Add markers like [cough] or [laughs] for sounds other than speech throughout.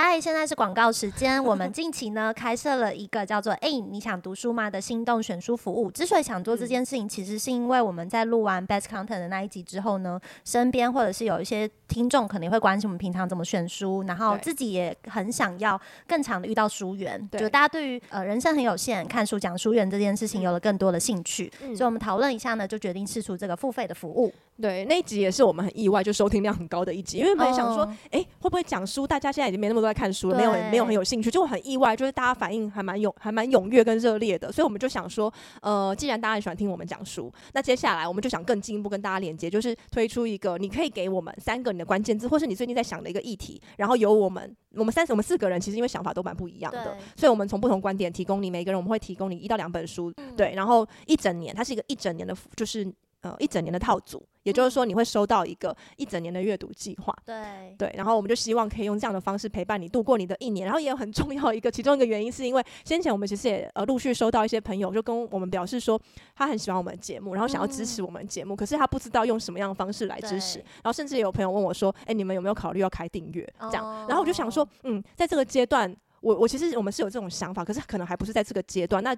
嗨，現在是廣告時間。我們近期呢 [laughs] 開設了一個叫做“哎、欸，你想讀書嗎”的心動選書服務。之所以想做這件事情，嗯、其實是因為我們在錄完《Best Content》的那一集之後呢，身邊或者是有一些。聽眾肯定會關心我們平常怎麼選書，然後自己也很想要更常的遇到書緣，就大家對於呃人生很有限，看書講書緣這件事情有了更多的興趣，嗯、所以我們討論一下呢，就決定試出這個付費的服務。對，那一集也是我們很意外，就收聽量很高的一集，因為本來想說，哎、oh, 欸，會不會講書，大家現在已經沒那麼多在看書了，沒有沒有很有興趣，就很意外，就是大家反應還蠻勇，還蠻踴躍跟熱烈的，所以我們就想說，呃，既然大家很喜歡聽我們講書，那接下來我們就想更進一步跟大家連接，就是推出一個，你可以給我們三個。關鍵字或是你最近在想的一個議題，然後由我們，我們三，我們四個人，其實因為想法都蠻不一樣的，所以我們從不同觀點提供你每個人，我們會提供你一到兩本書，嗯，對，然後一整年，它是一個一整年的，就是。嗯、呃，一整年的套組，也就是說你會收到一個一整年的閱讀計劃。對、嗯、對，然後我們就希望可以用這樣的方式陪伴你度過你的一年。然後也有很重要一個，其中一個原因是因為先前我們其實也呃陸續收到一些朋友就跟我們表示說他很喜歡我們節目，然後想要支持我們節目，嗯，可是他不知道用什麼樣的方式來支持。然後甚至有朋友問我說：“哎，欸，你們有沒有考慮要開訂閱？”這樣，哦。然後我就想說，嗯，在這個階段，我我其實我們是有這種想法，可是可能還不是在這個階段。那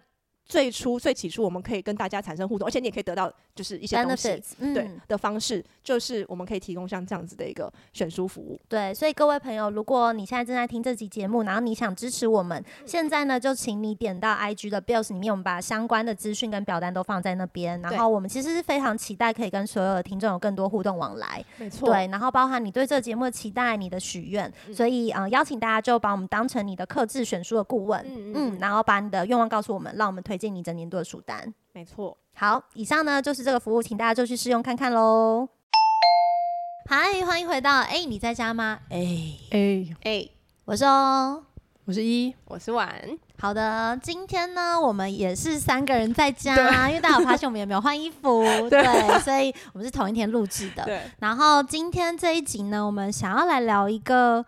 最初最起初，我們可以跟大家產生互動，而且你也可以得到就是一些 benefits 嗯對，對的方式，就是我們可以提供像這樣子的一個選書服務。對，所以各位朋友，如果你現在正在聽這期節目，然後你想支持我們，嗯、現在呢就請你點到 IG 的 Bios 裡面，我們把相關的資訊跟表單都放在那邊。然後我們其實是非常期待可以跟所有的聽眾有更多互動往來，沒錯。對，然後包含你對這個節目的期待，你的許願，嗯、所以呃邀請大家就把我們當成你的客製選書的顧問，嗯嗯，嗯嗯，然後把你的願望告訴我們，讓我們推進你整年度的書單，沒錯。好，以上呢就是這個服務，請大家就去試用看看嘍。嗨、欸，Hi, 歡迎回到，哎、欸，你在家嗎？哎哎哎，我是哦，我是一、e，我是婉。好的，今天呢，我們也是三個人在家，因為大家有發現我們有沒有換衣服？ [laughs] 對？對，所以我們是同一天錄制的。對，然後今天這一集呢，我們想要來聊一個。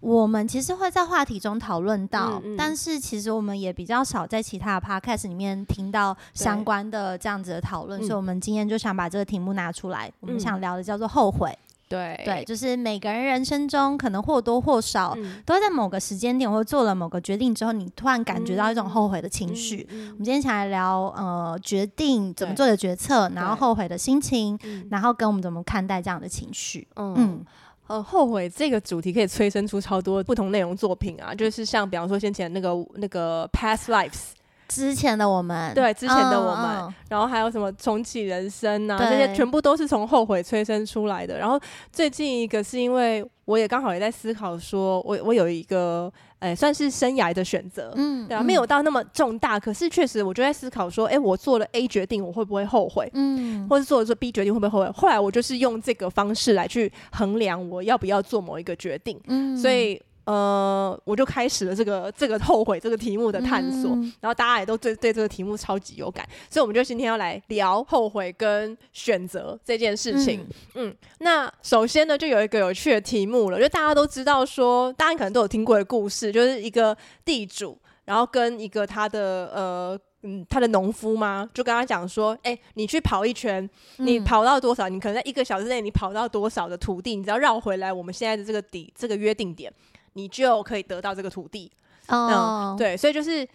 我們其實會在話題中討論到、嗯嗯，但是其實我們也比較少在其他的 podcast 裡面聽到相關的這樣子的討論、嗯，所以我們今天就想把這個題目拿出來。嗯、我們想聊的叫做後悔，對、對，就是每個人人生中可能或多或少、嗯、都在某個時間點或做了某個決定之後，你突然感覺到一種後悔的情緒、嗯。我們今天想來聊呃，決定怎麼做的決策，然後後悔的心情，然後跟我們怎麼看待這樣的情緒，嗯。嗯嗯呃，後悔這個主題可以催生出超多不同內容作品啊，就是像比方說先前那個那個 past lives，之前的我們，對，之前的我們，哦哦，然後還有什麼重啟人生啊，這些全部都是從後悔催生出來的。然後最近一個是因為。我也剛好也在思考，說我我有一個，哎、欸，算是生涯的選擇，嗯，對啊，沒有到那麼重大，嗯、可是確實，我就在思考說，哎、欸，我做了 A 決定，我會不會後悔？嗯，或者做了做 B 決定會不會後悔？後來我就是用這個方式來去衡量我要不要做某一個決定，嗯，所以。呃，我就開始了這個這個後悔這個題目的探索，嗯嗯，然後大家也都對對這個題目超級有感，所以我們就今天要來聊後悔跟選擇這件事情嗯。嗯，那首先呢，就有一個有趣的題目了，就大家都知道說，大家可能都有聽過的故事，就是一個地主，然後跟一個他的呃嗯他的農夫嘛，就跟他講說，誒、欸，你去跑一圈，你跑到多少，嗯、你可能在一個小時內你跑到多少的土地，你只要繞回來我們現在的這個底這個約定點，你就可以得到這個土地。哦、oh. 嗯，對，所以就是，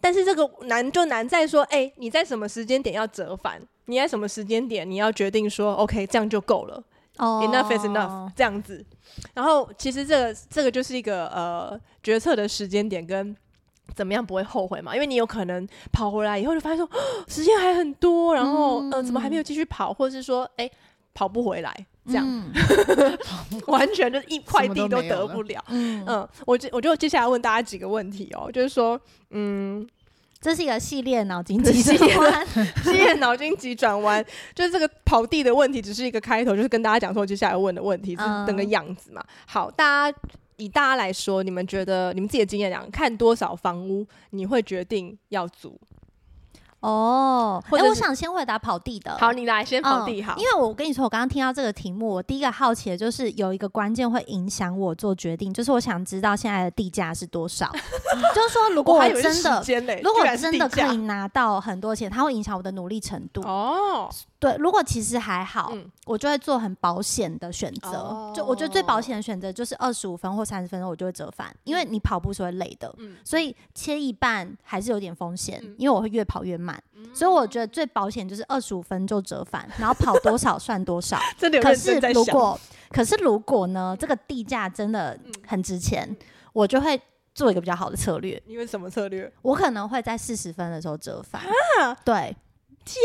但是這個難就難在說，哎、欸，你在什麼時間點要折返？你在什麼時間點你要決定說，OK，這樣就夠了。哦、oh.，enough is enough，這樣子。然後其實這個這個就是一個呃決策的時間點跟怎麼樣不會後悔嘛？因為你有可能跑回來以後就發現說，哦，時間還很多，然後嗯、嗯、呃，怎麼還沒有繼續跑，或者是說，哎、欸，跑不回來。這樣、嗯， [laughs] 完全就一塊地都,都得不了。嗯，我接我就接下來問大家幾個問題哦、喔，就是說，嗯，這是一個系列腦筋急轉彎，系列腦 [laughs] 筋急轉彎，就是這個跑地的問題只是一個開頭，就是跟大家講說，我接下來要問的問題是這個樣子嘛。好，大家以大家來說，你們覺得你們自己的經驗，講看多少房屋你會決定要租？哦，哎，我想先回答跑地的。好，你來先跑地、嗯、好。因為我跟你說，我剛剛聽到這個題目，我第一個好奇的就是有一個關鍵會影響我做決定，就是我想知道現在的地價是多少、 [laughs] 嗯。就是說，如果我真的我，如果真的可以拿到很多錢，它會影響我的努力程度。哦、oh.。對，如果其實還好，嗯、我就會做很保險的選擇、哦。就我覺得最保險的選擇就是二十五分或三十分鐘，我就會折返、嗯，因為你跑步是會累的，嗯、所以切一半還是有點風險、嗯，因為我會越跑越慢。嗯、所以我覺得最保險就是二十五分就折返，然後跑多少算多少。真的在想？可是如果可是如果呢？這個地價真的很值錢、嗯，我就會做一個比較好的策略。因為什麼策略？我可能會在四十分的時候折返啊！對，天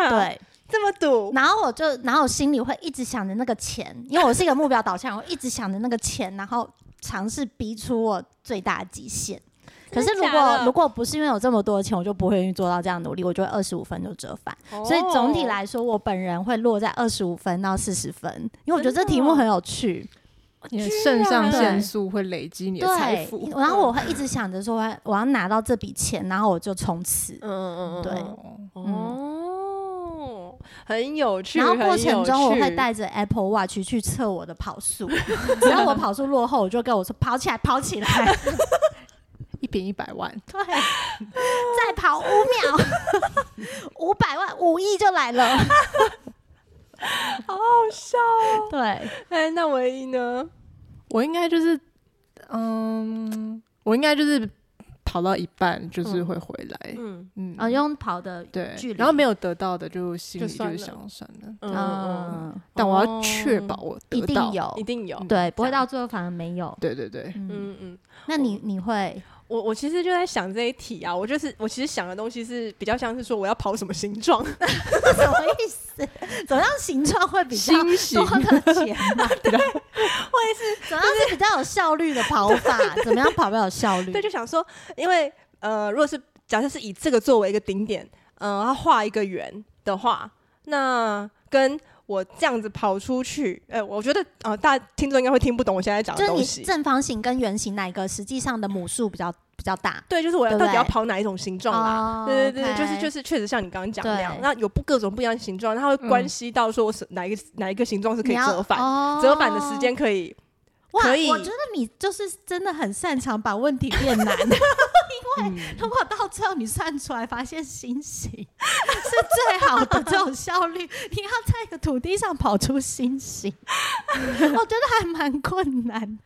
哪！對。這麼賭，然後我就，然後我心裡會一直想着那個錢，因為我是一個目標導向， [laughs] 我一直想着那個錢，然後嘗試逼出我最大的極限的的。可是如果如果不是因為有這麼多的錢，我就不會做到這樣的努力，我就會二十五分就折返、哦。所以總體來說，我本人會落在二十五分到四十分、哦，因為我覺得這題目很有趣。你的腎上腺素會累積你的財富，然後我會一直想着說，我要拿到這筆錢，然後我就衝刺，嗯嗯，對，哦。嗯很有趣，然後過程中我會帶着 Apple Watch 去測我的跑速， [laughs] 只要我跑速落後，我就跟我說跑起來，跑起來， [laughs] 一比一百萬，對 [laughs] ，再跑五秒 [laughs] [laughs] 五百萬，五億就來了 [laughs] 好好笑喔，對，哎，那唯一呢？我應該就是，嗯，我應該就是。跑到一半就是會回來，嗯嗯，啊、嗯哦，用跑的距離嗯嗯，然後沒有得到的就心裡就嗯嗯想算了，了嗯嗯，嗯，嗯，但我要確保我得到嗯嗯、哦、一定有，一定有，對，嗯、不會到最後反而沒有，對對對，對，嗯嗯，那你、哦、你會？我我其實就在想這一題啊，我就是我其實想的東西是比較像是說我要跑什麼形狀， [laughs] [laughs] 什麼意思？怎麼樣形狀會比較多的錢嗎？ [laughs] 對，或 [laughs] 者、就是怎麼樣是比較有效率的跑法？ [laughs] 對對對對怎麼樣跑比較有效率？對，就想說，因為呃，如果是假設是以這個作為一個頂點，嗯、呃，要畫一個圓的話，那跟。我這樣子跑出去，哎、呃，我覺得，呃，大家聽眾應該會聽不懂我現在講的東西。正方形跟圓形哪一個實際上的母數比較比較大？對，就是我到底要跑哪一種形狀啦，對對？對對對，Okay. 就是就是確實像你剛剛講的那樣，那有不各種不一樣形狀，它會關係到說我是哪一個、嗯、哪一個形狀是可以折返，哦、折返的時間可以。哇，我覺得你就是真的很擅長把問題變難。 [laughs] 因為、嗯、如果到最後你算出來發現星星是最好的這種效率， [laughs] 你要在一個土地上跑出星星， [laughs] 我覺得還蠻困難的。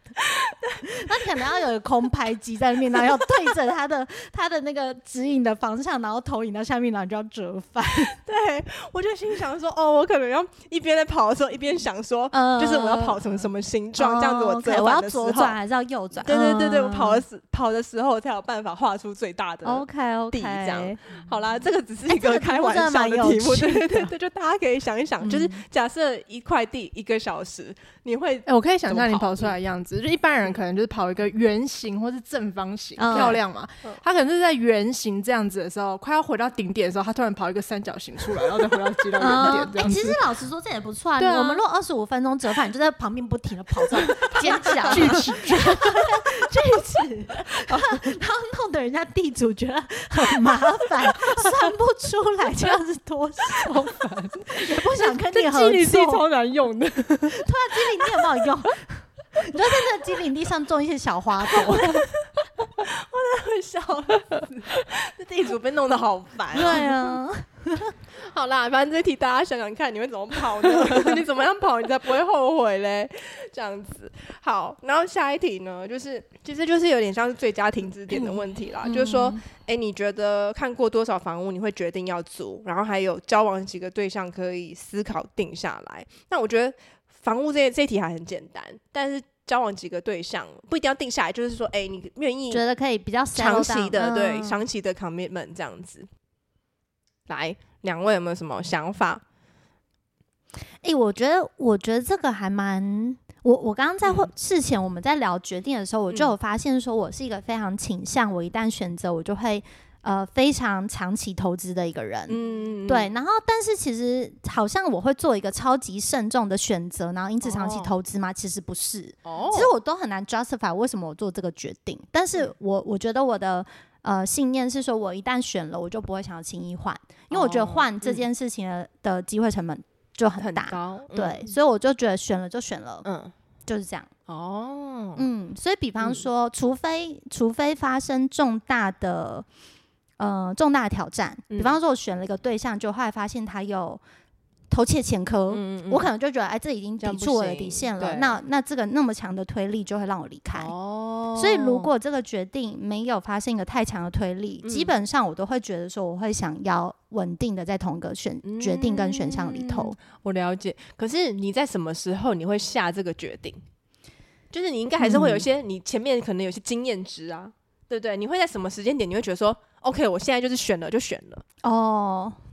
那 [laughs] 可能要有空拍機在那邊，然後要對着他的 [laughs] 他的那個指引的方向，然後投影到下面，然後就要折返。對，我就心想說，哦，我可能要一邊在跑的時候，一邊想說、呃，就是我要跑成什麼形狀、呃，這樣子我折返的時候、哦、okay, 我要左轉還是要右轉、嗯？對對對對，我跑的時跑的時候才有辦法畫出最大的，OK OK，好啦，這個只是一個開玩笑的題目，對、欸這個、對對對，就大家可以想一想，嗯、就是假設一塊地一個小時，你會、欸，我可以想象你跑出來的樣子。一般人可能就是跑一個圓形或是正方形，嗯、漂亮嘛？嗯、他可能是在圓形這樣子的時候，快要回到頂點的時候，他突然跑一個三角形出來， [laughs] 嗯、然後再回到計量頂點、呃欸。其實老實說，這也不錯啊。我們錄二十五分鐘折返，就在旁邊不停的跑着，剪紙、鋸齒、鋸齒，然後弄得人家地主覺得很麻煩， [laughs] 算不出來，這樣子多少分。也 [laughs] 不想跟你合作，這是超難用的 [laughs] 突然機靈你有沒有用？ [laughs] [laughs] 你就在那個畸零地上種一些小花朵，我都會笑。地主被弄得好煩、啊，對啊。 [laughs] 好啦，反正這題大家想想看，你會怎麼跑呢？ [laughs] [laughs] 你怎麼樣跑，你才不會後悔嘞？這樣子好。然後下一題呢，就是其實就是有點像是最佳停損點的問題啦。嗯、就是說，哎、嗯欸，你覺得看過多少房屋，你會決定要租？然後還有交往幾個對象可以思考定下來？那我覺得。防務這些，這題還很簡單，但是交往幾個對象不一定要定下來，就是說，哎、欸，你願意覺得可以比較長期的，對長期的 commitment 這樣子。來，兩位有沒有什麼想法？哎、欸，我覺得，我覺得這個還蠻……我我剛剛在會事、嗯、前我們在聊決定的時候，我就有發現，說我是一個非常傾向，我一旦選擇，我就會。呃，非常長期投資的一個人，嗯，對。然後，但是其實好像我會做一個超級慎重的選擇，然後因此長期投資嗎？Oh. 其實不是。哦、oh.，其實我都很難 justify 為什麼我做這個決定。但是我、嗯、我，我覺得我的呃信念是說，我一旦選了，我就不會想要輕易換，因為我覺得換這件事情的、oh. 的機會成本就很大。很高對、嗯，所以我就覺得選了就選了，嗯，就是這樣。哦、oh.，嗯，所以比方說，嗯、除非除非發生重大的。嗯、呃，重大挑戰，比方說，我選了一個對象，嗯、就後來發現他有偷竊前科、嗯嗯，我可能就覺得，哎，這已經抵觸我的底線了。那那這個那麼強的推力就會讓我離開、哦。所以如果這個決定沒有發現一個太強的推力、嗯，基本上我都會覺得說，我會想要穩定的在同一個選、嗯、決定跟選項裡頭。我了解，可是你在什麼時候你會下這個決定？就是你應該還是會有一些、嗯，你前面可能有些經驗值啊，對不對？你會在什麼時間點你會覺得說？OK，我現在就是選了就選了哦、oh.。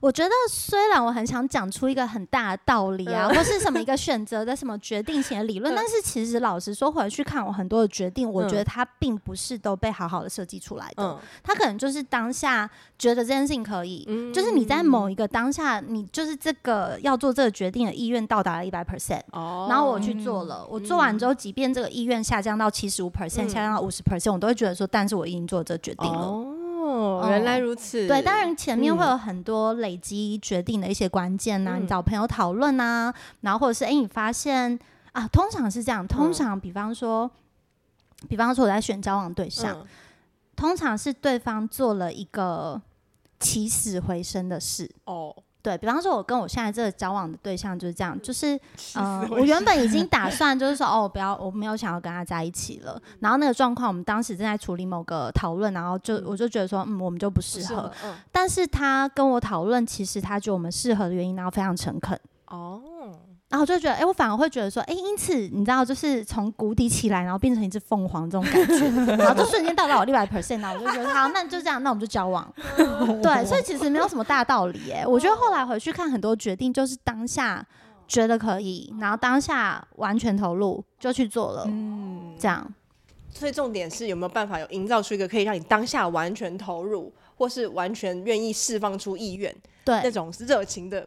我覺得雖然我很想講出一個很大的道理啊，或是什麼一個選擇的什麼決定性的理論，但是其實老實說回去看我很多的決定，我覺得它並不是都被好好的設計出來的。它可能就是當下覺得這件事情可以，就是你在某一個當下，你就是這個要做這個決定的意願到達了一百 percent，然後我去做了，我做完之後，即便這個意願下降到七十五 percent，下降到五十 percent，我都會覺得說，但是我已經做這個決定了。哦，原來如此。對，當然前面會有很多累積決定的一些關鍵吶、啊嗯，你找朋友討論吶，然後或者是誒、欸，你發現啊，通常是這樣，通常比方說，嗯、比方說我在選交往對象、嗯，通常是對方做了一個起死回生的事哦。Oh. 對，比方說，我跟我現在這個交往的對象就是這樣，就是嗯、呃，我原本已經打算就是說，哦，不要，我沒有想要跟他在一起了。然後那個狀況，我們當時正在處理某個討論，然後就我就覺得說，嗯，我們就不適合，不適合、嗯。但是他跟我討論，其實他覺得我們適合的原因，然後非常誠懇。哦。然後我就覺得，哎、欸，我反而會覺得說，哎、欸，因此你知道，就是從谷底起來，然後變成一隻鳳凰這種感覺， [laughs] 然後就瞬間到達我六百 percent 那我就覺得，好，那就這樣，那我們就交往。 [laughs] 對，所以其實沒有什麼大道理耶、欸。我覺得後來回去看很多決定，就是當下覺得可以，然後當下完全投入就去做了。嗯，這樣。所以重點是有沒有辦法有營造出一個可以讓你當下完全投入，或是完全願意釋放出意願，對那種熱情的。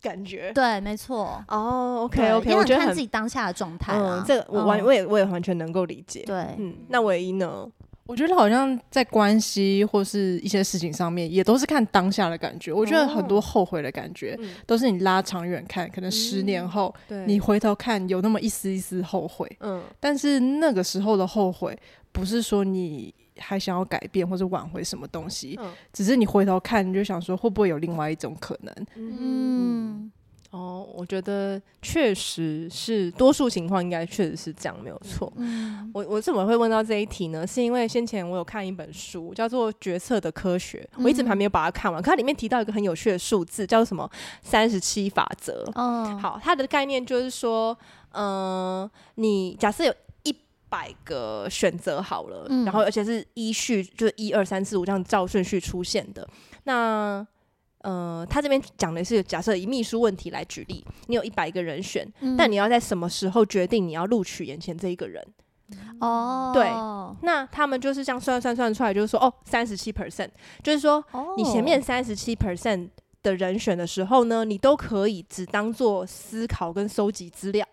感覺對，沒錯哦。OK，OK，因為你看自己當下的狀態，嗯，這個我完，嗯，我也，我也完全能夠理解。對，嗯，那唯一呢，我覺得好像在關係或是一些事情上面，也都是看當下的感覺。我覺得很多後悔的感覺，都是你拉長遠看，可能十年後，你回頭看有那麼一絲一絲後悔。嗯，但是那個時候的後悔，不是說你。還想要改變或者挽回什麼東西？只是你回頭看，你就想說，會不會有另外一種可能？嗯，嗯，哦，我覺得確實是，多數情況應該確實是這樣，沒有錯、嗯。我我怎麼會問到這一題呢？是因為先前我有看一本書，叫做《決策的科學》，我一直還沒有把它看完、嗯。可它裡面提到一個很有趣的數字，叫做什麼“三十七法則”？嗯、哦，好，它的概念就是說，嗯、呃，你假設有百個選擇好了、嗯，然後而且是依序，就是一二三四五這樣照順序出現的。那呃，他這邊講的是，假設以秘書問題來舉例，你有一百個人選、嗯，但你要在什麼時候決定你要錄取眼前這一個人？哦、嗯，對。那他們就是這樣算算算出來，就是說，哦，三十七 percent，就是說，你前面三十七 percent 的人選的時候呢，你都可以只當做思考跟收集資料。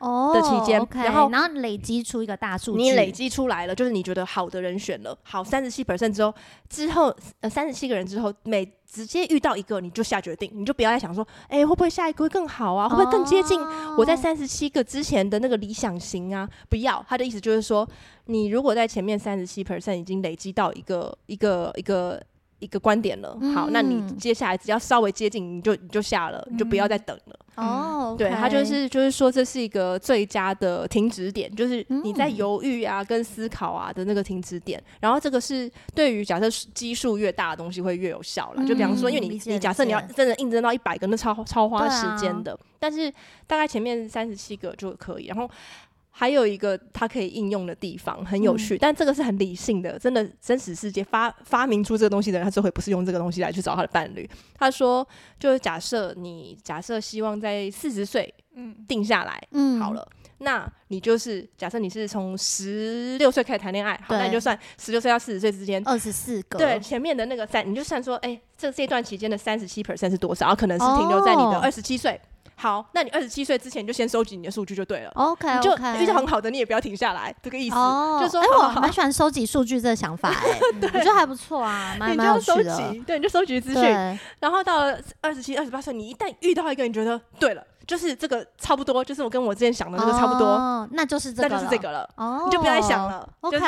的期間、oh, okay.，然後然後累積出一個大數據你累積出來了，就是你覺得好的人選了，好三十七 percent 之後，之後呃三十七個人之後，每直接遇到一個你就下決定，你就不要再想說，哎、欸、會不會下一個會更好啊，會不會更接近我在三十七個之前的那個理想型啊？Oh. 不要，他的意思就是說，你如果在前面三十七 percent 已經累積到一個一個一個。一個一個觀點了，好、嗯，那你接下來只要稍微接近，你就你就下了，你就不要再等了。嗯嗯、哦，okay，對他就是就是說，這是一個最佳的停止點，就是你在猶豫啊跟思考啊的那個停止點。嗯、然後這個是對於假設基數越大的東西會越有效了。嗯，就比方說，因為你理解理解你假設你要真的印證到一百個，那超超花時間的。對啊。但是大概前面三十七個就可以，然後。還有一個他可以應用的地方，很有趣，嗯、但這個是很理性的。真的，真實世界發發明出這個東西的人，他最後不是用這個東西來去找他的伴侶。他說，就是假設你假設希望在四十歲嗯定下來嗯好了嗯，那你就是假設你是從十六歲開始談戀愛，好，那你就算十六歲到四十歲之間二十四個對前面的那個三，你就算說哎、欸、這這段期間的三十七 percent 是多少，然後可能是停留在你的二十七歲。哦好，那你二十七歲之前就先收集，你的數據就對了。OK, okay. 就，遇到很好的你也不要停下來，這個意思。哦、oh,。就說，哎、欸，我蠻喜歡收集數據這個想法，欸，哎 [laughs] ，對，我覺得還不錯啊，蠻有趣的。對，你就收集資訊，然後到了二十七、二十八歲，你一旦遇到一個，你覺得對了，就是這個差不多，就是我跟我之前想的那個差不多，那就是這個，那就是這個了。哦、oh,。Oh, 你就不要再想了，OK。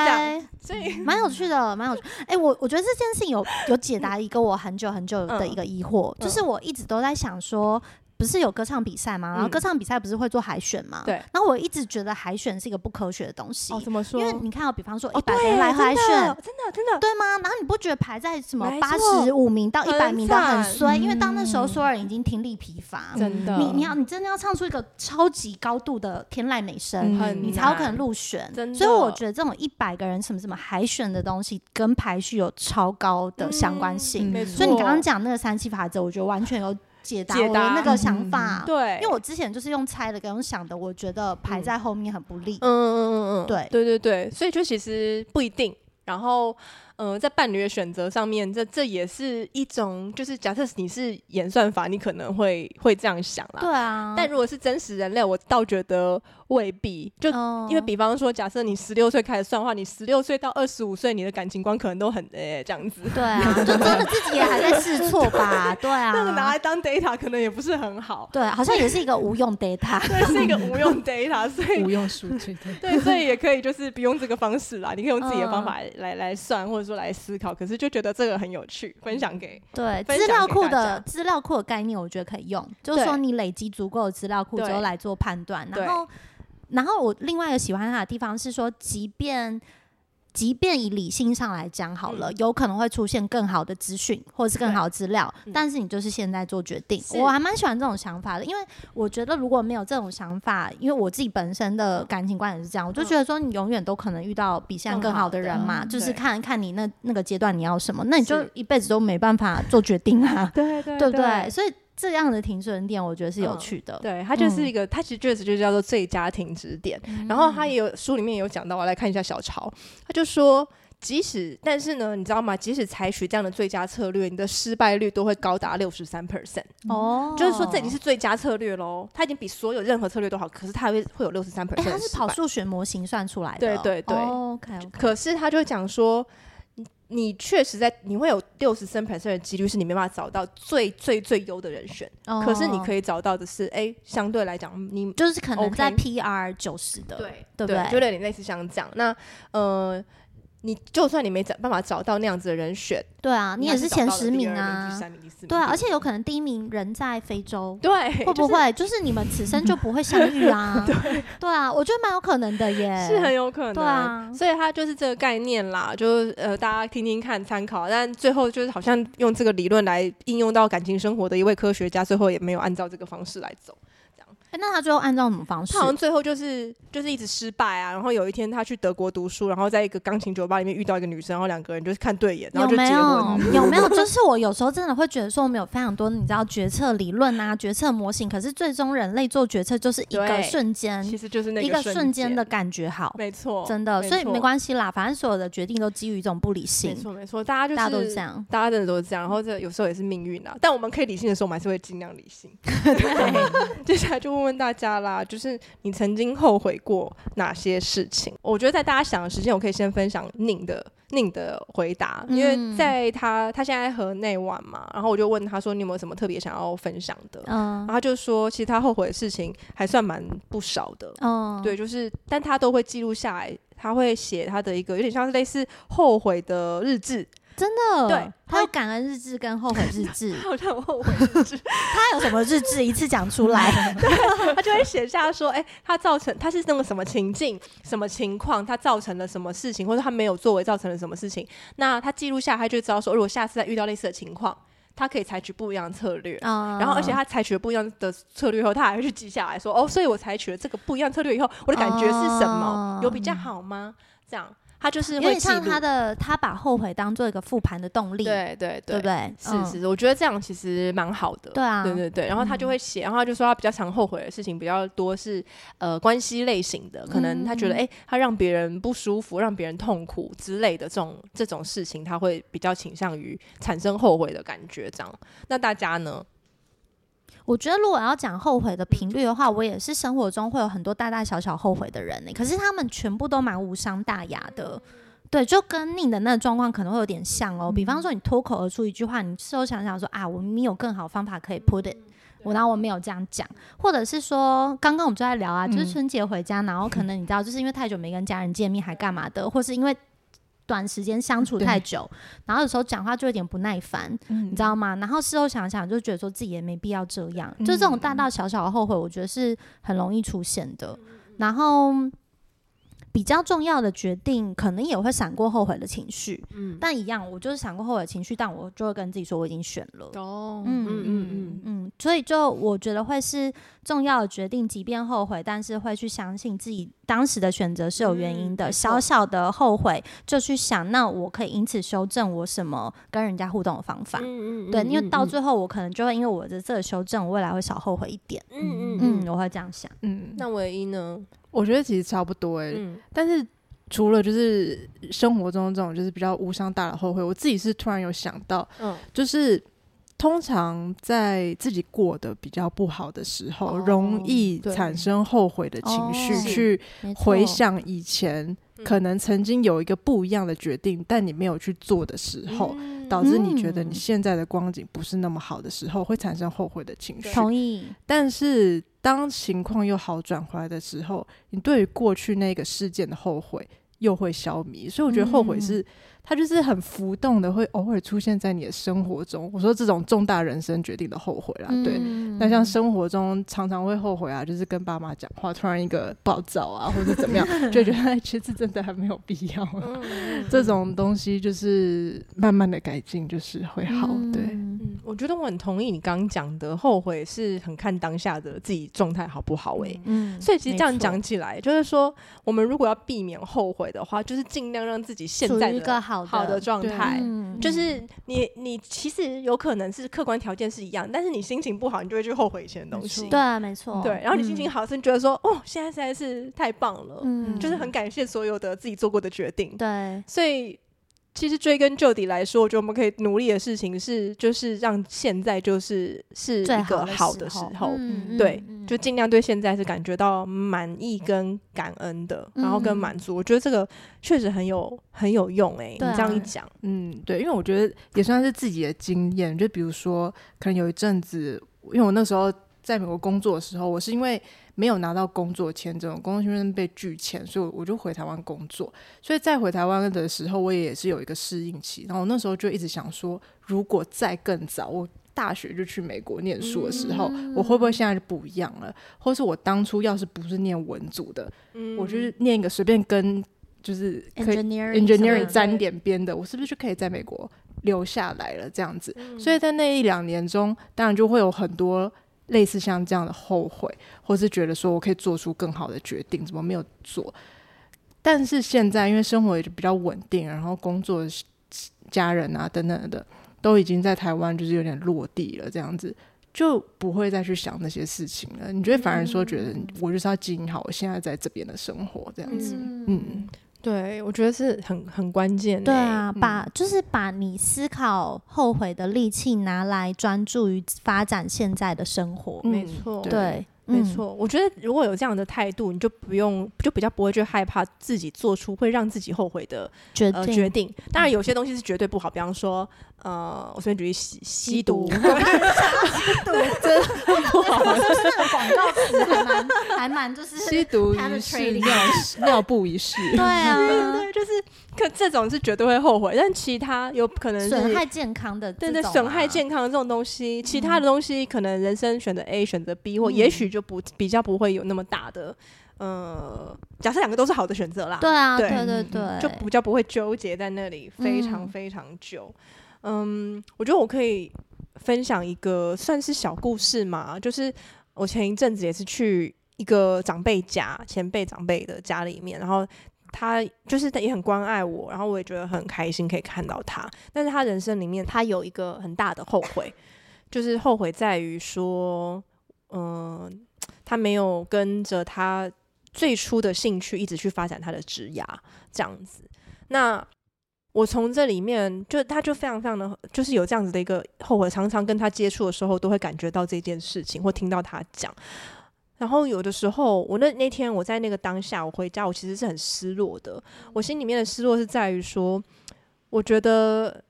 所以蠻有趣的，蠻有趣。哎、 [laughs] 欸，我我覺得這件事情有有解答一個我很久很久的一個疑惑， [laughs] 嗯、就是我一直都在想說。不是有歌唱比賽嗎？然、嗯、後歌唱比賽不是會做海選嗎？對。然後我一直覺得海選是一個不科學的東西。哦，怎麼說？因為你看，到，比方說一百個人來、哦啊、海選，真的真的，對嗎？然後你不覺得排在什麼八十五名到一百名都很衰、嗯？因為到那時候所有人已經聽力疲乏，嗯、真的。嗯、你你要你真的要唱出一個超級高度的天籟美聲、嗯，你才有可能入選。真的。所以我覺得這種一百個人什麼什麼海選的東西，跟排序有超高的相關性。沒、嗯嗯、所以你剛剛講那個三七法則，我覺得完全有。解答，我的解答那個想法、啊嗯，對，因為我之前就是用猜的，跟用想的，我覺得排在後面很不利嗯。嗯嗯嗯嗯，對、嗯嗯，對對對，對，所以就其實不一定。然後。呃在伴侶的選擇上面，這這也是一種，就是假設你是演算法，你可能會會這樣想啦。對啊。但如果是真實人類，我倒覺得未必。就因為比方說，假設你十六歲開始算的話，你十六歲到二十五歲，你的感情觀可能都很哎、欸、這樣子。對啊。 [laughs] 就真的自己也還在試錯吧。 [laughs] 對啊。這個 [laughs] 拿來當 data 可能也不是很好。對，好像也是一個無用 data。 [laughs] 對，是一個無用 data，所以。無用數據。 [laughs] 對，所以也可以就是不用這個方式啦。你可以用自己的方法來 [laughs] 來,來算，或者說。來思考，可是就覺得這個很有趣，分享給對資料庫的資料庫的概念，我覺得可以用，就是說你累積足夠的資料庫之後來做判斷，然後然後，然後我另外一個喜歡他的地方是說，即便。即便以理性上來講好了，嗯，有可能會出現更好的資訊或者是更好的資料，嗯，但是你就是現在做決定，我還蠻喜歡這種想法的，因為我覺得如果沒有這種想法，因為我自己本身的感情觀也是這樣，嗯，我就覺得說你永遠都可能遇到比現在更好的人嘛，啊啊嗯，就是看看你那那個階段你要什麼，那你就一輩子都沒辦法做決定啊， [laughs] 對，對，對，對，不對，對對對，所以。這樣的停損點，我覺得是有趣的、嗯。對，它就是一個，嗯、它其實確實就是叫做最佳停止點。然後他也有書裡面也有講到，我來看一下小潮，他就說，即使但是呢，你知道嗎？即使採取這樣的最佳策略，你的失敗率都會高達六十三 percent。哦，就是說這已經是最佳策略嘍，它已經比所有任何策略都好。可是它還會會有六十三 percent，是跑數學模型算出來的。對對對、oh, okay, okay. 可是他就會講說。你確實在你會有六十三%的幾率是你沒辦法找到最最最優的人選，oh. 可是你可以找到的是，哎、欸，相對來講你就是可能在 PR 九十的，okay. 對對不對？對就有點類似像這樣講，那呃。你就算你沒找辦法找到那樣子的人選，對啊，你也是前十名啊。第二名、第三名、第四名，對啊，而且有可能第一名人在非洲，對，會不會、就是、就是你們此生就不會相遇啊？ [laughs] 對，對啊，我覺得蠻有可能的耶，是很有可能。對啊，所以他就是這個概念啦，就呃，大家聽聽看參考，但最後就是好像用這個理論來應用到感情生活的一位科學家，最後也沒有按照這個方式來走。欸、那他最後按照什麼方式？他好像最後就是就是一直失敗啊。然後有一天他去德國讀書，然後在一個鋼琴酒吧裡面遇到一個女生，然後兩個人就是看對眼，然後就有沒有？ [laughs] 有沒有？就是我有時候真的會覺得說，我們有非常多你知道決策理論啊、決策模型，可是最終人類做決策就是一個瞬間，其實就是那個一個瞬間的感覺。好，沒錯，真的，所以沒關係啦，反正所有的決定都基於一種不理性。沒錯，沒錯，大家就是大家都是這樣，大家真的都是這樣。然後這有時候也是命運啊。但我們可以理性的時候，我們還是會儘量理性。 [laughs] 對， [laughs] 接下來就問。問大家啦，就是你曾經後悔過哪些事情？我覺得在大家想的時間，我可以先分享寧的寧的回答。嗯。因為在他他現在和那晚嘛，然後我就問他說：“你有沒有什麼特別想要分享的？嗯。”然後他就說，其實他後悔的事情還算蠻不少的。嗯。對，就是但他都會記錄下來，他會寫他的一個有點像是類似後悔的日誌。真的，對，他有他會感恩日志跟後悔日志。有後悔日志。他有什麼日志，一次講出來。 [laughs] 他就會寫下說，哎、欸，他造成他是那個什麼情境，什麼情況，他造成了什麼事情，或者他沒有作為造成了什麼事情。那他記錄下，他就知道說，如果下次再遇到類似的情況，他可以採取不一樣的策略。Oh. 然後，而且他採取了不一樣的策略以後，他還會去記下來說，哦，所以我採取了這個不一樣策略以後，我的感覺是什麼？Oh. 有比較好嗎？這樣。他就是有點像他的，他把後悔當做一個復盤的動力，對對對，對不對？是是、嗯，我覺得這樣其實蠻好的，對啊，對對對。然後他就會寫、嗯，然後他就說他比較常後悔的事情比較多是呃關係類型的，可能他覺得誒、嗯欸，他讓別人不舒服、讓別人痛苦之類的這種這種事情，他會比較傾向於產生後悔的感覺。這樣，那大家呢？我覺得，如果要講後悔的頻率的話，我也是生活中會有很多大大小小後悔的人呢、欸。可是他們全部都蠻無傷大雅的，對，就跟你的那個狀況可能會有點像哦、喔嗯。比方說，你脫口而出一句話，你事後想想說啊，我們有更好方法可以 put it，我當、啊、我沒有這樣講，或者是說，剛剛我們就在聊啊，就是春節回家、嗯，然後可能你知道，就是因為太久沒跟家人見面，還幹嘛的，或是因為。短時間相處太久，然後有時候講話就有點不耐煩、嗯，你知道嗎？然後事後想想，就覺得說自己也沒必要這樣。嗯、就這種大大小小的後悔，我覺得是很容易出現的。嗯、然後比較重要的決定，可能也會閃過後悔的情緒。嗯，但一樣，我就是閃過後悔的情緒，但我就會跟自己說我已經選了。哦、嗯嗯嗯嗯嗯，所以就我覺得會是。重要的決定，即便後悔，但是會去相信自己當時的選擇是有原因的。嗯、小小的後悔，就去想、哦，那我可以因此修正我什麼跟人家互動的方法。嗯嗯，對嗯，因為到最後我可能就會因為我的這個修正，我未來會少後悔一點。嗯嗯，嗯，嗯我會這樣想。嗯，那唯一呢？我覺得其實差不多誒、欸嗯。但是除了就是生活中這種就是比較無傷大的後悔，我自己是突然有想到，嗯，就是。通常在自己過得比較不好的時候，容易產生後悔的情緒，去回想以前可能曾經有一個不一樣的決定，但你沒有去做的時候，導致你覺得你現在的光景不是那麼好的時候，會產生後悔的情緒。同意。但是當情況又好轉回來的時候，你對於過去那個事件的後悔又會消弭，所以我覺得後悔是。他就是很浮動的，會偶爾出現在你的生活中。我說這種重大人生決定的後悔啦、啊，對。那、嗯、像生活中常常會後悔啊，就是跟爸媽講話，突然一個暴躁啊，或者怎麼樣， [laughs] 就覺得、哎、其實真的還沒有必要、啊嗯。這種東西就是慢慢的改進，就是會好、嗯。對，嗯，我覺得我很同意你剛剛講的，後悔是很看當下的自己狀態好不好哎、欸嗯。所以其實這樣講起來，就是說我們如果要避免後悔的話，就是儘量讓自己現在的。好的狀態，就是你、嗯、你其實有可能是客觀條件是一樣，但是你心情不好，你就會去後悔以前的東西。對啊，沒錯、嗯。對，然後你心情好，是、嗯、覺得說，哦，現在實在是太棒了、嗯，就是很感謝所有的自己做過的決定。對，所以。其實追根究底來說，我覺得我們可以努力的事情是，就是讓現在就是是一個好的時候，最好的時候對，嗯嗯嗯就盡量對現在是感覺到滿意跟感恩的，然後跟滿足、嗯。我覺得這個確實很有很有用誒、欸，你這樣一講，嗯，對，因為我覺得也算是自己的經驗，就比如說可能有一陣子，因為我那時候。在美國工作的時候，我是因為沒有拿到工作簽證，工作簽證被拒簽，所以我就回台灣工作。所以在回台灣的時候，我也也是有一個適應期。然後我那時候就一直想說，如果再更早，我大學就去美國念書的時候，嗯，我會不會現在就不一樣了？或是我當初要是不是念文組的，嗯，我就是念一個隨便跟就是可以 engineering, engineering 沾點邊的，我是不是就可以在美國留下來了？這樣子。嗯，所以在那一兩年中，當然就會有很多。類似像這樣的後悔，或是覺得說我可以做出更好的決定，怎麼沒有做？但是現在因為生活也比較穩定，然後工作、家人啊等等的都已經在台灣，就是有點落地了，這樣子就不會再去想那些事情了。你覺得反而說，覺得我就是要經營好我現在在這邊的生活，這樣子，嗯。嗯對，我覺得是很很關鍵，欸。對啊，嗯，把就是把你思考後悔的力氣拿來專注於發展現在的生活。嗯，沒錯，對。沒錯，我覺得如果有這樣的態度，你就不用，就比較不會去害怕自己做出會讓自己後悔的決呃決定。當然，有些東西是絕對不好，比方說，呃，我隨便舉例吸吸毒，吸毒， [laughs] [laughs] [laughs] 吸毒真不好， [laughs] 哦，那就是那個廣告詞 [laughs] 還蠻還蠻就是吸毒一試尿尿布一試， [laughs] 對啊，對，就是。可這種是絕對會後悔，但其他有可能損害健康的、啊，對對,對，損害健康的這種東西、嗯，其他的東西可能人生選擇 A 選擇 B、嗯、或也許就不比較不會有那麼大的，嗯、呃，假設兩個都是好的選擇啦，對啊，對對,對對對，就比較不會糾結在那裡非常非常久嗯。嗯，我覺得我可以分享一個算是小故事嘛，就是我前一陣子也是去一個長輩家，前輩長輩的家裡面，然後。他就是也很關愛我，然後我也覺得很開心可以看到他。但是他人生裡面，他有一個很大的後悔，就是後悔在於說，嗯、呃，他沒有跟着他最初的興趣一直去發展他的職涯這樣子。那我從這裡面，就他就非常非常的，就是有這樣子的一個後悔。常常跟他接觸的時候，都會感覺到這件事情，或聽到他講。然後有的時候，我那那天我在那個當下，我回家，我其實是很失落的。我心裡面的失落是在於說，我覺得，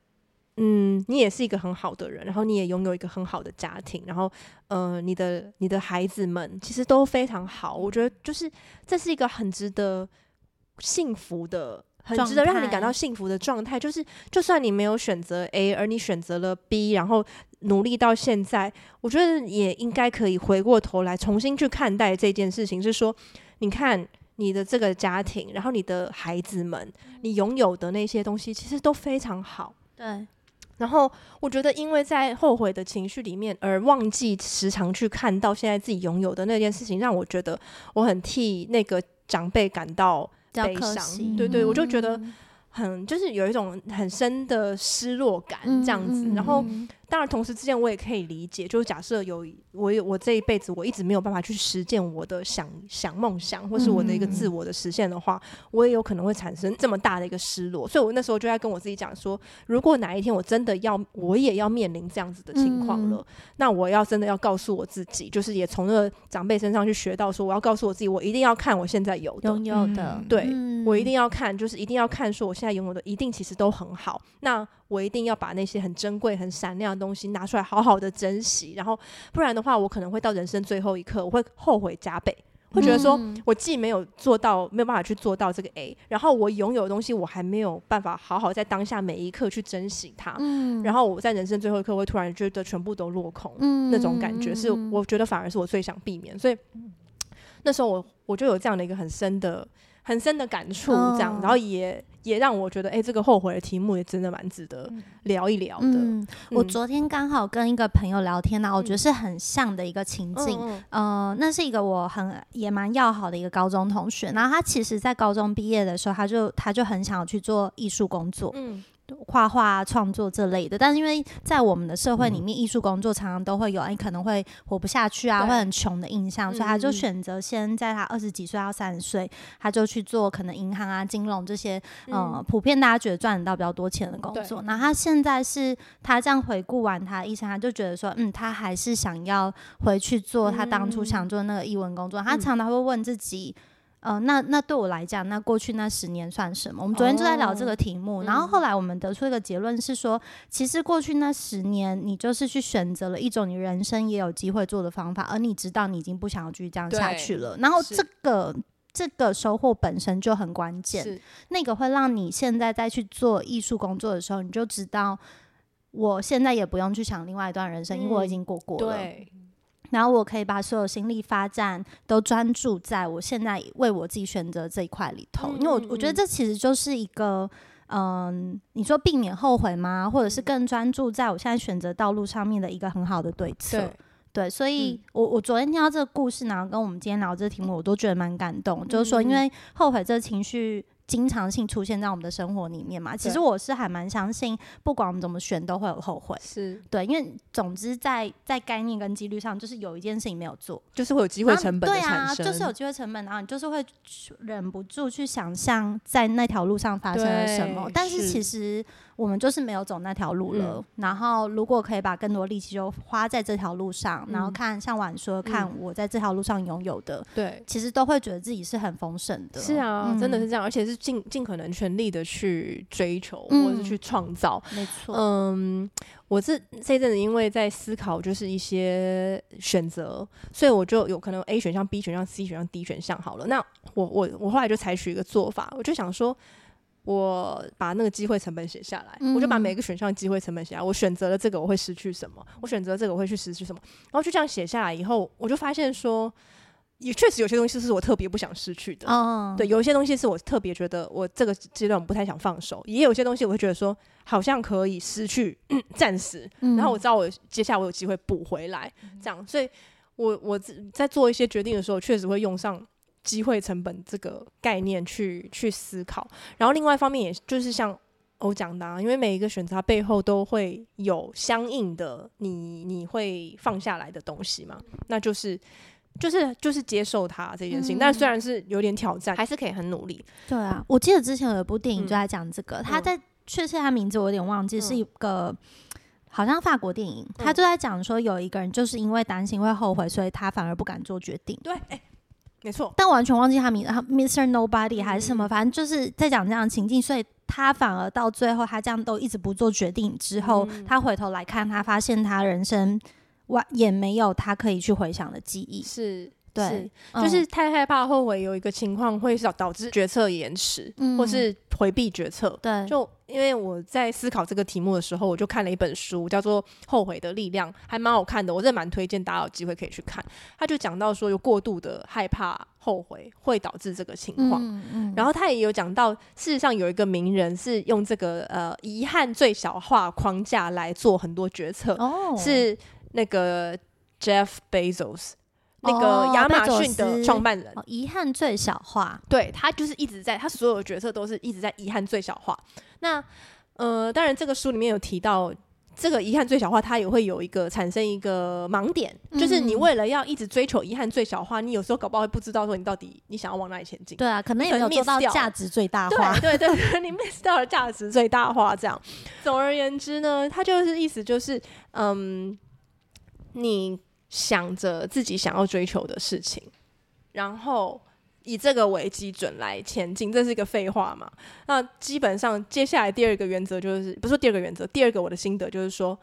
嗯，你也是一個很好的人，然後你也擁有一個很好的家庭，然後，呃，你的你的孩子們其實都非常好。我覺得，就是這是一個很值得幸福的。很值得讓你感到幸福的狀態，就是就算你沒有選擇 A，而你選擇了 B，然後努力到現在，我覺得也應該可以回過頭來重新去看待這件事情。是說，你看你的這個家庭，然後你的孩子們，你擁有的那些東西，其實都非常好。對。然後我覺得，因為在後悔的情緒裡面而忘記時常去看到現在自己擁有的那件事情，讓我覺得我很替那個長輩感到。比較悲傷，對對，我就覺得很就是有一種很深的失落感這樣子，嗯，嗯嗯嗯，然後。當然，同時之間我也可以理解，就是假設有我，我這一輩子我一直沒有辦法去實踐我的想想夢想，或是我的一個自我的實現的話、嗯，我也有可能會產生這麼大的一個失落。所以，我那時候就在跟我自己講說，如果哪一天我真的要，我也要面臨這樣子的情況了、嗯，那我要真的要告訴我自己，就是也從那個長輩身上去學到，說我要告訴我自己，我一定要看我現在有的，有的、嗯，對，我一定要看，就是一定要看，說我現在擁有的一定其實都很好。那。我一定要把那些很珍貴、很閃亮的東西拿出來，好好的珍惜。然後不然的話，我可能會到人生最後一刻，我會後悔加倍，會覺得說我既沒有做到，沒有辦法去做到這個 A。然後我擁有的東西，我還沒有辦法好好在當下每一刻去珍惜它。然後我在人生最後一刻會突然覺得全部都落空，那種感覺是我覺得反而是我最想避免。所以那時候我我就有這樣的一個很深的很深的感觸，這樣，然後也。也讓我覺得，哎、欸，這個後悔的題目也真的蠻值得聊一聊的。嗯嗯、我昨天剛好跟一個朋友聊天呢、啊嗯，我覺得是很像的一個情境。嗯嗯呃，那是一個我很也蠻要好的一個高中同學，然後他其實，在高中畢業的時候，他就他就很想要去做藝術工作。嗯畫畫、啊、創作這類的，但是因為在我們的社會裡面，藝、嗯、術工作常常都會有，你、欸、可能會活不下去啊，會很窮的印象、嗯，所以他就選擇先在他二十幾歲到三十歲，他就去做可能銀行啊、金融這些，呃、嗯、普遍大家覺得賺得到比較多錢的工作。那他現在是他這樣回顧完他一生，他就覺得說，嗯，他還是想要回去做他當初想做那個藝文工作、嗯。他常常會問自己。呃，那那對我來講，那過去那十年算什麼？我們昨天就在聊這個題目，Oh, 然後後來我們得出一個結論是說、嗯，其實過去那十年，你就是去選擇了一種你人生也有機會做的方法，而你知道你已經不想要繼續這樣下去了。然後這個這個收穫本身就很關鍵，那個會讓你現在再去做藝術工作的時候，你就知道我現在也不用去想另外一段人生，嗯、因為我已經過過了。對。然後我可以把所有心力發展都專注在我現在為我自己選擇這一塊裡頭，嗯嗯嗯，因為我我覺得這其實就是一個，嗯，你說避免後悔嗎？或者是更專注在我現在選擇道路上面的一個很好的對策？對，對，所以我我昨天聽到這個故事，然後跟我們今天聊這個題目，我都覺得蠻感動。嗯嗯，就是說，因為後悔這個情緒。經常性出現在我們的生活裡面嘛，其實我是還蠻相信，不管我們怎麼選，都會有後悔。是對，對，因為總之在在概念跟幾率上，就是有一件事情沒有做，就是會有機會成本的產生，對啊，就是有機會成本啊，你就是會忍不住去想象在那條路上發生了什麼，但是其實。我們就是沒有走那條路了。嗯、然後，如果可以把更多力氣就花在這條路上、嗯，然後看像婉說，看我在這條路上擁有的，對、嗯，其實都會覺得自己是很豐盛的。是啊、嗯，真的是這樣，而且是盡盡可能全力的去追求或者是去創造。嗯、沒錯。嗯，我是這陣子因為在思考，就是一些選擇，所以我就有可能 A 選項、B 選項、C 選項、D 選項好了。那我我我後來就採取一個做法，我就想說。我把那個機會成本寫下來、嗯，我就把每個選項機會成本寫下來。我選擇了這個，我會失去什麼？我選擇這個，我會去失去什麼？然後就這樣寫下來以後，我就發現說，也確實有些東西是我特別不想失去的、哦。對，有一些東西是我特別覺得我這個階段不太想放手，也有些東西我會覺得說，好像可以失去暫時，然後我知道我接下來我有機會補回來、嗯，這樣。所以我，我我在做一些決定的時候，確實會用上。機會成本這個概念去去思考，然後另外一方面，也就是像我講的、啊，因為每一個選擇它背後都會有相應的你你會放下來的東西嘛，那就是就是就是接受它這件事情、嗯。但雖然是有點挑戰，還是可以很努力。對啊，我記得之前有一部電影就在講這個，嗯、他在確切他名字我有點忘記，嗯、是一個好像法國電影，嗯、他就在講說有一個人就是因為擔心會後悔，所以他反而不敢做決定。對。欸沒錯，但完全忘記他名，他 Mister Nobody 還是什麼，嗯、反正就是在講這樣的情境，所以他反而到最後，他這樣都一直不做決定，之後、嗯、他回頭來看，他發現他人生完也沒有他可以去回想的記憶，是。對是，就是太害怕後悔，有一個情況會導致決策延遲，嗯，或是回避決策。對，就因為我在思考這個題目的時候，我就看了一本書，叫做《後悔的力量》，還蠻好看的，我真的蠻推薦大家有機會可以去看。他就講到說，有過度的害怕後悔會導致這個情況，嗯嗯。然後他也有講到，事實上有一個名人是用這個呃遺憾最小化框架來做很多決策。哦，是那個 Jeff Bezos。那個亞馬遜的創辦人，遺憾最小化，對，他就是一直在，他所有的角色都是一直在遺憾最小化。那呃，當然這個書裡面有提到，這個遺憾最小化，它也會有一個產生一個盲點，就是你為了要一直追求遺憾最小化，你有時候搞不好會不知道說你到底你想要往哪裡前進。呃、前對啊，可能也沒有做到價值最大化， [laughs] 對對，對對對，你 miss 掉的價值最大化。這樣，總而言之呢，他就是意思就是，嗯，你。想着自己想要追求的事情，然後以這個為基準來前進，這是一個廢話嘛？那基本上接下來第二個原則就是，不是第二個原則，第二個我的心得就是說，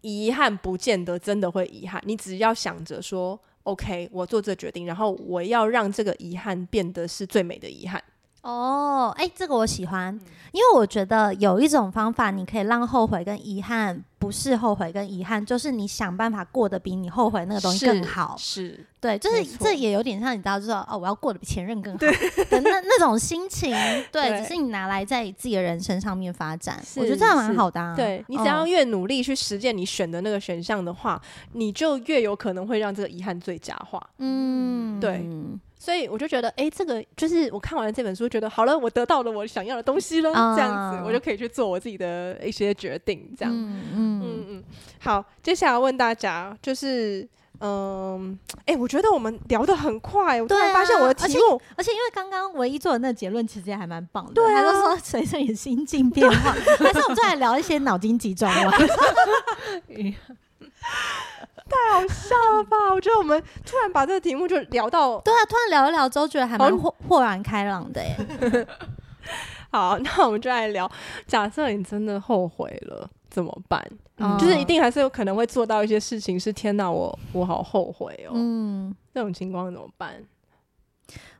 遺憾不見得真的會遺憾，你只要想着說，OK，我做這決定，然後我要讓這個遺憾變得是最美的遺憾。哦，哎，這個我喜歡，因為我覺得有一種方法，你可以讓後悔跟遺憾不是後悔跟遺憾，就是你想辦法過得比你後悔那個東西更好。是，是對，就是這也有點像你知道，就說、是、哦，我要過得比前任更好的，的那那種心情 [laughs] 對對，對，只是你拿來在自己的人生上面發展，我覺得這樣蠻好的、啊。對，你只要越努力去實踐你選的那個選項的話、哦，你就越有可能會讓這個遺憾最佳化。嗯，對。嗯所以我就覺得，哎、欸，這個就是我看完這本書，覺得好了，我得到了我想要的東西了，嗯、這樣子我就可以去做我自己的一些決定，這樣，嗯嗯嗯，嗯。好，接下來問大家，就是，嗯、呃，哎、欸，我覺得我們聊得很快，我突然發現我的題目，啊、而且，而且因為剛剛唯一做的那個結論其實也還蠻棒的，對、啊，他就說隨着你心境變化，還是我們再來聊一些腦筋急轉彎？ [laughs] [laughs] 太好笑了吧！我覺得我們突然把這個題目就聊到…… [laughs] 對啊，突然聊一聊之後覺得還蠻豁豁然開朗的耶。 [laughs] 好，那我們就來聊：假設你真的後悔了，怎麼辦、嗯？就是一定還是有可能會做到一些事情是，是、嗯、天哪，我我好後悔哦、喔！嗯，這種情況怎麼辦？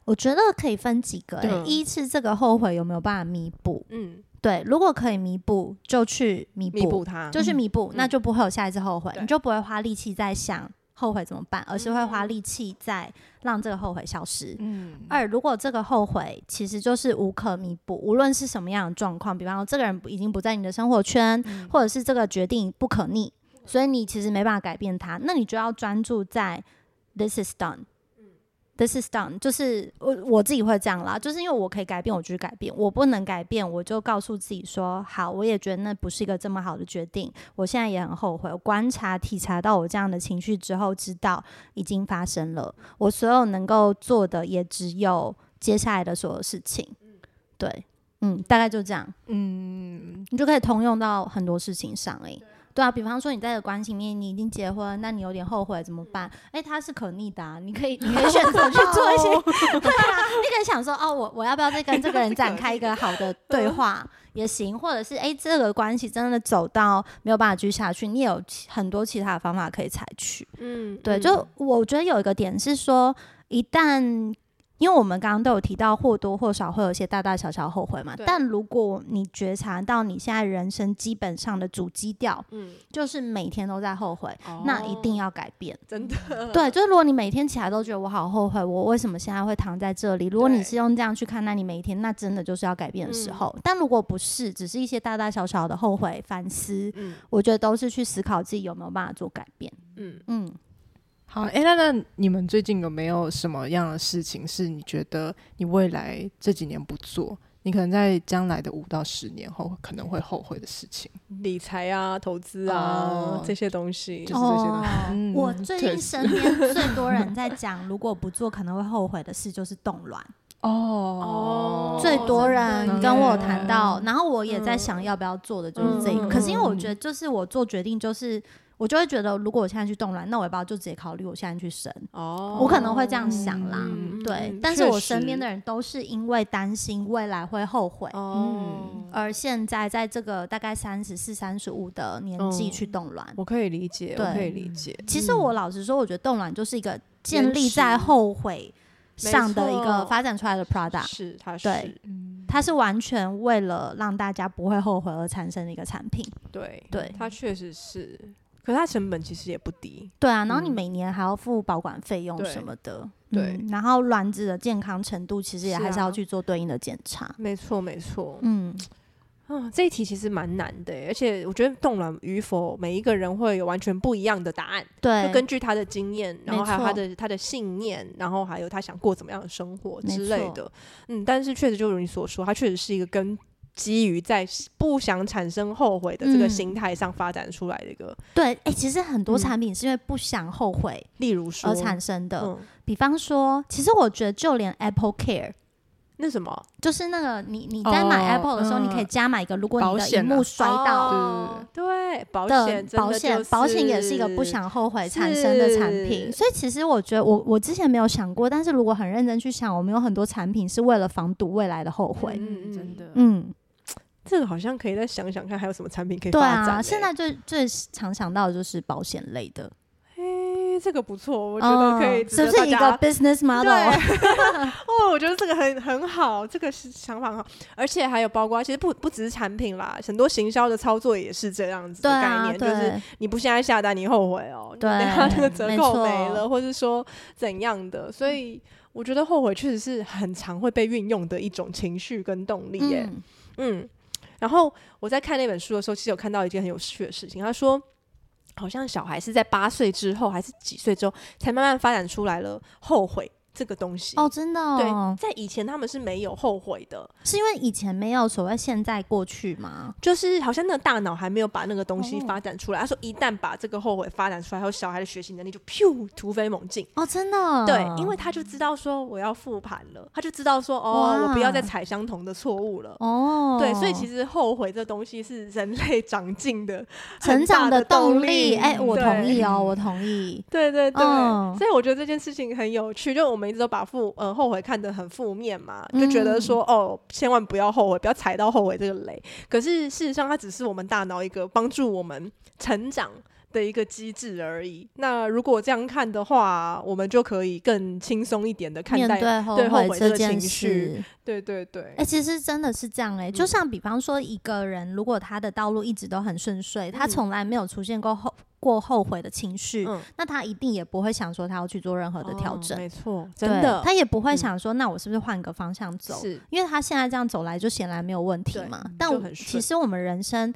我覺得可以分幾個、欸：對、嗯，一是這個後悔有沒有辦法彌補？嗯。對，如果可以彌補，就去彌補，它，就去彌補、嗯，那就不會有下一次後悔，嗯、你就不會花力氣在想後悔怎麼辦，而是會花力氣在讓這個後悔消失。嗯。二，如果這個後悔其實就是無可彌補，無論是什麼樣的狀況，比方說這個人已經不在你的生活圈、嗯，或者是這個決定不可逆，所以你其實沒辦法改變它，那你就要專注在 this is done。This is done，就是我我自己會這樣啦，就是因為我可以改變，我就去改變；我不能改變，我就告訴自己說：好，我也覺得那不是一個這麼好的決定。我現在也很後悔。我觀察、體察到我這樣的情緒之後，知道已經發生了。我所有能夠做的，也只有接下來的所有事情。對，嗯，大概就這樣。嗯，你就可以通用到很多事情上誒、欸。對啊，比方說你在的關係裡面，你已經結婚，那你有點後悔怎麼辦？哎、嗯欸，他是可逆的、啊，你可以，你可以選擇去做一些， [laughs] [laughs] 對啊，你可以想說哦，我我要不要再跟這個人展開一個好的對話也行，或者是哎、欸，這個關係真的走到沒有辦法繼續下去，你也有很多其他的方法可以採取。嗯，對嗯，就我覺得有一個點是說，一旦。因為我們剛剛都有提到，或多或少會有一些大大小小的後悔嘛。但如果你覺察到你現在人生基本上的主基調，嗯，就是每天都在後悔、哦，那一定要改變。真的，對，就是如果你每天起來都覺得我好後悔，我為什麼現在會躺在這裡？如果你是用這樣去看待你每一天，那真的就是要改變的時候、嗯。但如果不是，只是一些大大小小的後悔反思、嗯，我覺得都是去思考自己有沒有辦法做改變。嗯嗯。好，哎、欸，那那你們最近有沒有什麼樣的事情是你覺得你未來這幾年不做，你可能在將來的五到十年後可能會後悔的事情？理財啊，投資啊、哦，這些東西，就是、這些東西。哦嗯、我最近身邊最多人在講， [laughs] 如果不做可能會後悔的事，就是凍卵。哦，哦，最多人跟我有談到，然後我也在想要不要做的就是這個，嗯、可是因為我覺得就是我做決定就是。我就會覺得，如果我現在去凍卵，那我也不知道，就直接考慮我現在去生。哦、oh,，我可能會這樣想啦。嗯、對，但是我身邊的人都是因為擔心未來會後悔，oh, 嗯，而現在在這個大概三十四、三十五的年紀去凍卵，um,，我可以理解對，我可以理解。其實我老實說，我覺得凍卵就是一個建立在後悔上的一個發展出來的 product，是它，對，它、嗯、是完全為了讓大家不會後悔而產生的一個產品。對，對，它確實是。可它成本其實也不低，對啊。然後你每年還要付保管費用什麼的，嗯、對、嗯。然後卵子的健康程度其實也還是要去做對應的檢查，啊、沒錯沒錯。嗯，啊、嗯，這一題其實蠻難的、欸，而且我覺得凍卵與否，每一個人會有完全不一樣的答案，對。就根據他的經驗，然後還有他的他的信念，然後還有他想過怎麼樣的生活之類的，嗯。但是確實就如你所說，它確實是一個跟。基於在不想產生後悔的這個心態上發展出來的一個、嗯、對，哎、欸，其實很多產品是因為不想後悔，例如說而產生的、嗯。比方說，其實我覺得就連 Apple Care，那什麼，就是那個你你在買 Apple 的時候，哦嗯、你可以加買一個，如果你的螢幕摔到、哦，對對保險、就是、保險保險也是一個不想後悔產生的產品。所以其實我覺得我我之前沒有想過，但是如果很認真去想，我們有很多產品是為了防堵未來的後悔。嗯嗯，真的，嗯。這個好像可以再想想看，還有什麼產品可以發展、欸、對啊，現在最最常想到的就是保險類的。嘿、欸，這個不錯，oh, 我覺得可以得。這是一個 business model。 [laughs] [laughs] 哦，我覺得這個很很好，這個是想法很好。而且還有包括，其實不不只是產品啦，很多行銷的操作也是這樣子的概念、啊，就是你不現在下單，你後悔哦、喔。對啊。那個折扣沒了沒，或是說怎樣的。所以我覺得後悔確實是很常會被運用的一種情緒跟動力、欸。嗯。嗯然後我在看那本書的時候，其實有看到一件很有趣的事情。他說，好像小孩是在八歲之後，還是幾歲之後，才慢慢發展出來了後悔。這個東西、oh, 哦，真的對，在以前他們是沒有後悔的，是因為以前沒有所謂現在過去嘛，就是好像那個大腦還沒有把那個東西發展出來。Oh. 他說，一旦把這個後悔發展出來，還有小孩的學習能力就咻突飛猛進、oh, 哦，真的對，因為他就知道說我要復盤了，他就知道說哦，wow. 我不要再踩相同的錯誤了哦，oh. 對，所以其實後悔這東西是人類長進的，的成長的動力。哎、欸哦，我同意哦，我同意，對對對，對，oh. 所以我覺得這件事情很有趣，就我們。我一直都把負嗯、呃，後悔看得很負面嘛，就覺得說、嗯、哦，千萬不要後悔，不要踩到後悔這個雷。可是事實上，它只是我們大腦一個幫助我們成長。的一個機制而已。那如果這樣看的話，我們就可以更輕鬆一點的看待對後悔的情緒。對對對、對。哎、欸，其實真的是這樣哎、欸、嗯。就像比方說，一個人如果他的道路一直都很順遂，他從來沒有出現過後過後悔的情緒、嗯，那他一定也不會想說他要去做任何的調整。哦、沒錯，真的。他也不會想說，那我是不是換個方向走？是、嗯、因為他現在這樣走來就顯然沒有問題嘛。但其實我們人生。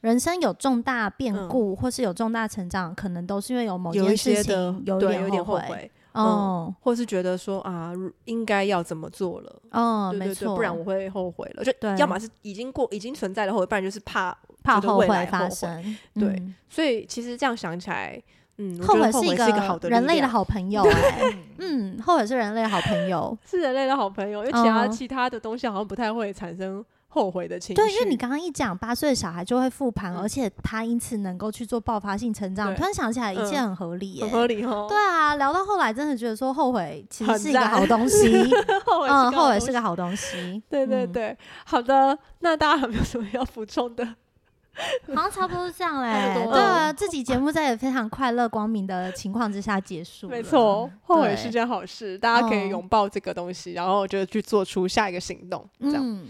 人生有重大變故、嗯，或是有重大成長，可能都是因為有某一件事情，有，有點後悔，點後悔、哦，嗯，或是覺得說啊，應該要怎麼做了，嗯、哦，沒錯，不然我會後悔了，就對，要麼是已經過已經存在的後悔，不然就是怕怕後悔發，發生。對、嗯，所以其實這樣想起來，嗯，後悔是一個好的人類的好朋友，對朋友欸、 [laughs] 嗯，後悔是人類的好朋友， [laughs] 是人類的好朋友，因為其他其他的東西好像不太會產生。哦後悔的情緒，對，因為你剛剛一講，八歲的小孩就會復盤、嗯，而且他因此能夠去做爆發性成長。突然想起來，一切很合理、欸嗯，很合理哈、哦。對啊，聊到後來，真的覺得說後悔其實是一個好東西。 [laughs] 後悔是個好東西嗯、後悔是個好東西。對對對,對、嗯，好的，那大家有沒有什麼要補充的？好像差不多是這樣嘞、 [laughs] 嗯。對啊，這集節目在也非常快樂、光明的情況之下結束。沒錯，後悔是件好事，大家可以擁抱這個東西、嗯，然後就去做出下一個行動。這樣。嗯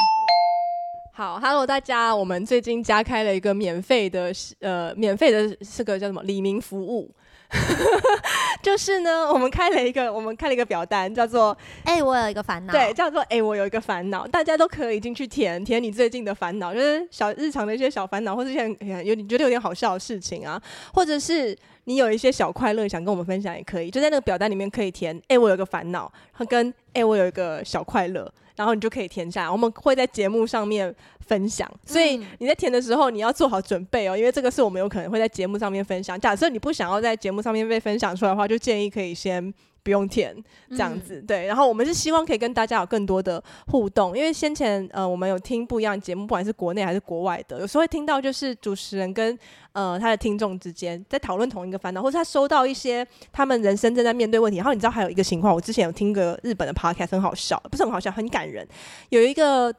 好，Hello，大家，我們最近加開了一個免費的，呃，免費的，是個叫什麼？李明服務， [laughs] 就是呢，我們開了一個，我們開了一個表單，叫做，哎、欸，我有一個煩惱，對，叫做，哎、欸，我有一個煩惱，大家都可以進去填，填你最近的煩惱，就是小日常的一些小煩惱，或者一些有你覺得有點好笑的事情啊，或者是你有一些小快樂想跟我們分享也可以，就在那個表單裡面可以填，哎、欸，我有個煩惱，他跟，哎、欸，我有一個小快樂。然後你就可以填下來，我們會在節目上面分享，所以你在填的時候你要做好準備哦，因為這個是我們有可能會在節目上面分享。假設你不想要在節目上面被分享出來的話，就建議可以先。不用填這樣子，對。然後我們是希望可以跟大家有更多的互動，因為先前呃我們有聽不一樣的節目，不管是國內還是國外的，有時候會聽到就是主持人跟呃他的聽眾之間在討論同一個煩惱，或是他收到一些他們人生正在面對問題。然後你知道還有一個情況，我之前有聽個日本的 podcast，很好笑，不是很好笑，很感人，有一個。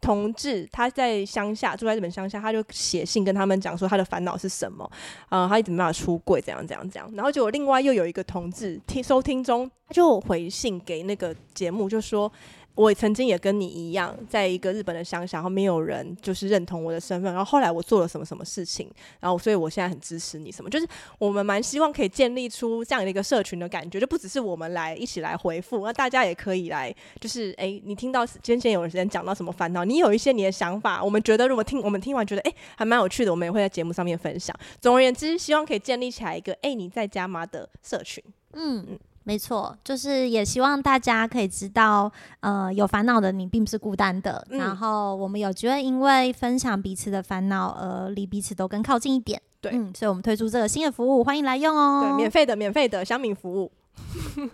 同志，他在鄉下住在日本鄉下，他就寫信跟他們講說他的煩惱是什麼，嗯、呃，他一直沒辦法出櫃，怎樣怎樣怎樣。然後結果另外又有一個同志聽收聽中，他就回信給那個節目，就說。我曾經也跟你一樣，在一個日本的鄉下，然後沒有人就是認同我的身份。然後後來我做了什麼什麼事情，然後所以我現在很支持你什麼，就是我們蠻希望可以建立出這樣的一個社群的感覺，就不只是我們來一起來回覆，那大家也可以來，就是哎，你聽到今天有人講到什麼煩惱，你有一些你的想法，我們覺得如果聽我們聽完覺得哎還蠻有趣的，我們也會在節目上面分享。總而言之，希望可以建立起來一個哎你在家嗎的社群，嗯。沒錯，就是也希望大家可以知道，呃，有煩惱的你並不是孤單的。嗯、然後我們有機會，因為分享彼此的煩惱，而離彼此都更靠近一點。對，嗯，所以我們推出這個新的服務，歡迎來用哦、喔。對，免費的，免費的香茗服務。 [laughs]